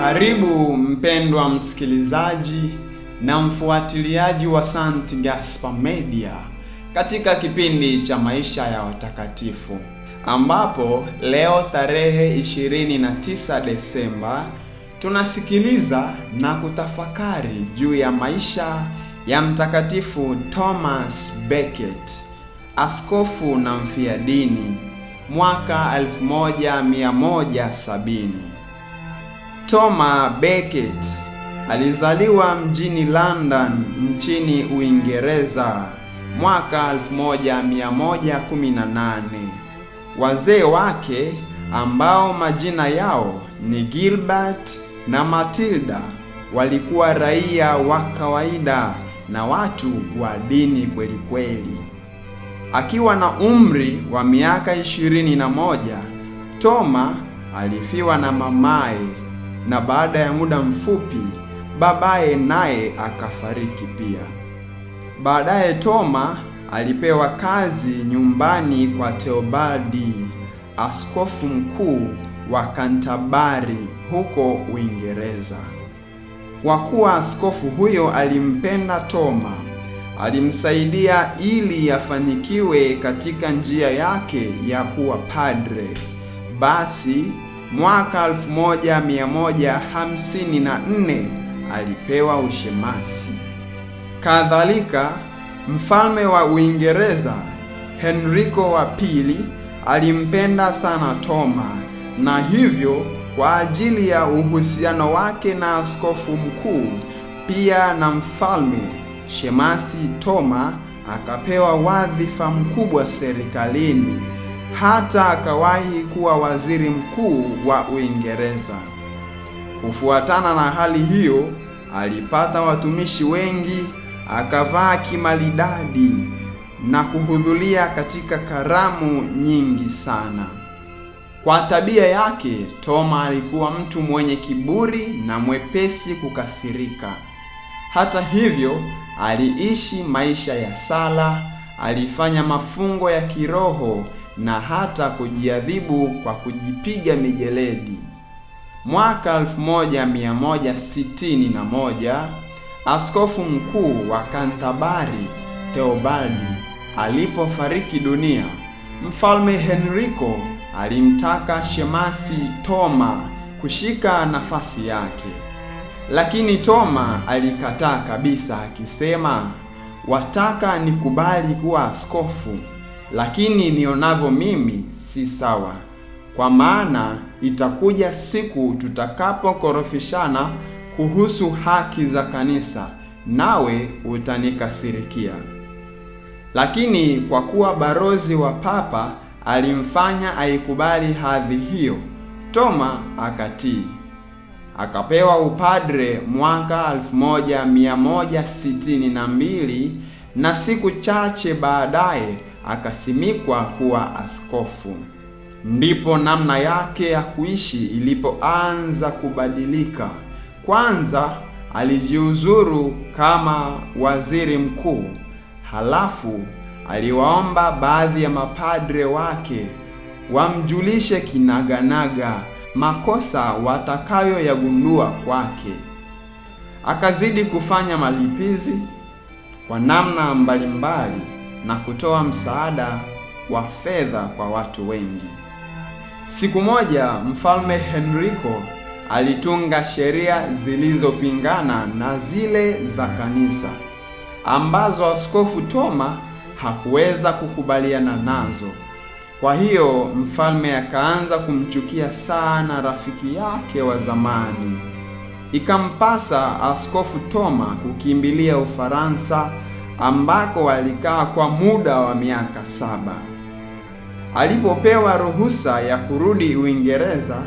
Karibu mpendwa msikilizaji na mfuatiliaji wa St. Gaspar Media katika kipindi cha maisha ya watakatifu ambapo leo tarehe 29 Desemba tunasikiliza na kutafakari juu ya maisha ya Mtakatifu Thomas Becket, askofu na mfiadini mwaka 1170. Thomas Becket alizaliwa mjini London nchini Uingereza mwaka 1118. Wazee wake ambao majina yao ni Gilbert na Matilda walikuwa raia wa kawaida na watu wa dini kweli kweli. Akiwa na umri wa miaka ishirini na moja, Toma alifiwa na mamaye na baada ya muda mfupi babaye naye akafariki pia. Baadaye Toma alipewa kazi nyumbani kwa teobadi askofu mkuu wa Kantabari huko Uingereza. Kwa kuwa askofu huyo alimpenda Toma, alimsaidia ili afanikiwe katika njia yake ya kuwa padre. Basi mwaka 1154 alipewa ushemasi. Kadhalika, mfalme wa Uingereza Henriko wa pili alimpenda sana Toma, na hivyo kwa ajili ya uhusiano wake na askofu mkuu pia na mfalme, shemasi Toma akapewa wadhifa mkubwa serikalini hata akawahi kuwa waziri mkuu wa Uingereza. Kufuatana na hali hiyo, alipata watumishi wengi, akavaa kimaridadi na kuhudhuria katika karamu nyingi sana. Kwa tabia yake, Toma alikuwa mtu mwenye kiburi na mwepesi kukasirika. Hata hivyo, aliishi maisha ya sala, alifanya mafungo ya kiroho na hata kujiadhibu kwa kujipiga mijeledi. Mwaka 1161 askofu mkuu wa kantabari Theobaldi alipofariki dunia, mfalme henriko alimtaka shemasi Toma kushika nafasi yake, lakini Toma alikataa kabisa, akisema wataka nikubali kuwa askofu lakini nionavyo mimi si sawa, kwa maana itakuja siku tutakapokorofishana kuhusu haki za kanisa, nawe utanikasirikia. Lakini kwa kuwa barozi wa papa alimfanya aikubali hadhi hiyo, Toma akatii, akapewa upadre mwaka 1162 na siku chache baadaye akasimikwa kuwa askofu. Ndipo namna yake ya kuishi ilipoanza kubadilika. Kwanza alijiuzuru kama waziri mkuu, halafu aliwaomba baadhi ya mapadre wake wamjulishe kinaganaga makosa watakayoyagundua kwake. Akazidi kufanya malipizi kwa namna mbalimbali na kutoa msaada wa fedha kwa watu wengi. Siku moja Mfalme henriko alitunga sheria zilizopingana na zile za kanisa ambazo Askofu Toma hakuweza kukubaliana nazo. Kwa hiyo mfalme akaanza kumchukia sana rafiki yake wa zamani. Ikampasa Askofu Toma kukimbilia Ufaransa ambako walikaa kwa muda wa miaka saba. Alipopewa ruhusa ya kurudi Uingereza,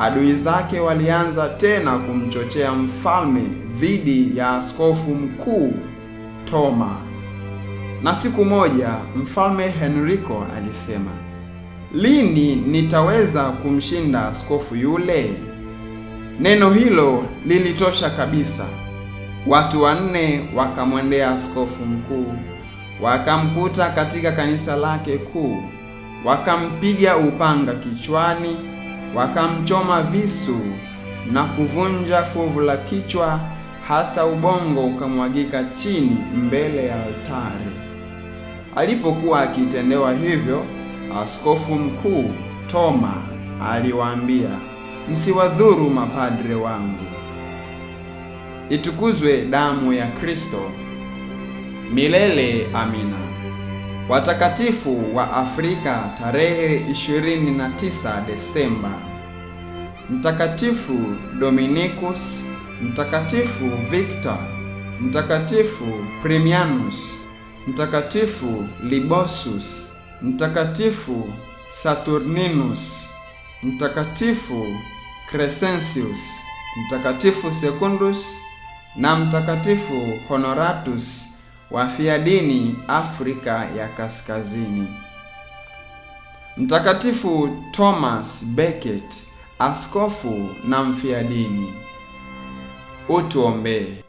adui zake walianza tena kumchochea mfalme dhidi ya askofu mkuu Toma. Na siku moja mfalme henriko alisema, lini nitaweza kumshinda askofu yule? Neno hilo lilitosha kabisa. Watu wanne wakamwendea askofu mkuu, wakamkuta katika kanisa lake kuu, wakampiga upanga kichwani, wakamchoma visu na kuvunja fuvu la kichwa hata ubongo ukamwagika chini mbele ya altari. Alipokuwa akitendewa hivyo, askofu mkuu Toma aliwaambia, msiwadhuru mapadre wangu. Itukuzwe damu ya Kristo! Milele amina. Watakatifu wa Afrika tarehe 29 Desemba: Mtakatifu Dominikus, Mtakatifu Victor, Mtakatifu Primianus, Mtakatifu Libosus, Mtakatifu Saturninus, Mtakatifu Crescensius, Mtakatifu Secundus na Mtakatifu Honoratus fiadini Afrika ya Kaskazini. Mtakatifu Thomas Becket, askofu na mfiadini. Utuombee.